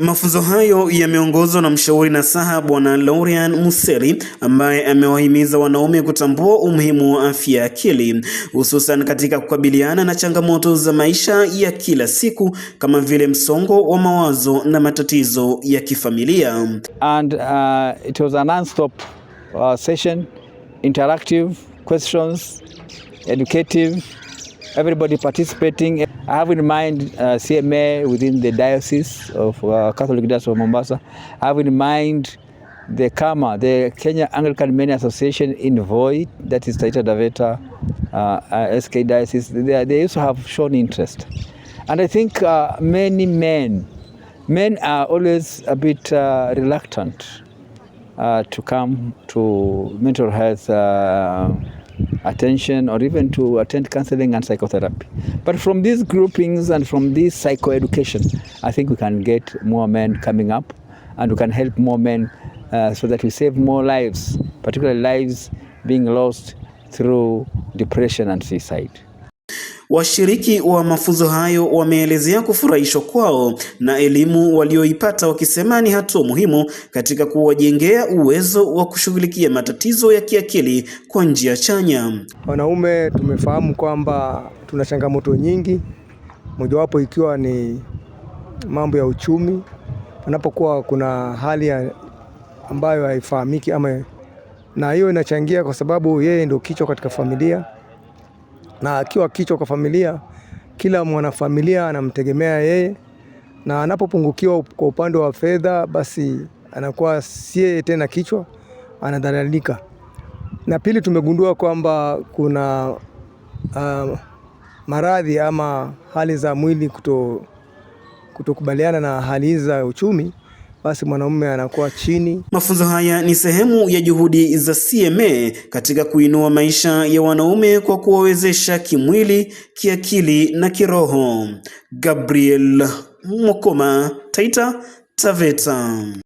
Mafunzo hayo yameongozwa na mshauri na saha Bwana Laurian Museli ambaye amewahimiza wanaume kutambua umuhimu wa afya ya akili hususan katika kukabiliana na changamoto za maisha ya kila siku kama vile msongo wa mawazo na matatizo ya kifamilia. And uh, it was a non-stop uh, session, interactive questions, educative everybody participating. I have in mind uh, CMA within the diocese of uh, Catholic Diocese of Mombasa. I have in mind the KAMA, the Kenya Anglican Men Association in Voi, that is Taita Taveta uh, uh, SK Diocese. They, they also have shown interest. And I think uh, many men, men are always a bit uh, reluctant uh, to come to mental health uh, attention or even to attend counseling and psychotherapy. But from these groupings and from this psychoeducation, I think we can get more men coming up and we can help more men uh, so that we save more lives, particularly lives being lost through depression and suicide. Washiriki wa mafunzo hayo wameelezea kufurahishwa kwao na elimu walioipata wakisema ni hatua muhimu katika kuwajengea uwezo wa kushughulikia matatizo ya kiakili kwa njia chanya. Wanaume tumefahamu kwamba tuna changamoto nyingi, mojawapo ikiwa ni mambo ya uchumi. Panapokuwa kuna hali ya ambayo haifahamiki ama, na hiyo inachangia kwa sababu yeye ndio kichwa katika familia na akiwa kichwa kwa familia, kila mwanafamilia anamtegemea yeye, na anapopungukiwa kwa upande wa fedha, basi anakuwa siye tena kichwa, anadhalilika. Na pili, tumegundua kwamba kuna uh, maradhi ama hali za mwili kuto kutokubaliana na hali za uchumi basi mwanaume anakuwa chini. Mafunzo haya ni sehemu ya juhudi za CMA katika kuinua maisha ya wanaume kwa kuwawezesha kimwili, kiakili na kiroho. Gabriel Mokoma, Taita Taveta.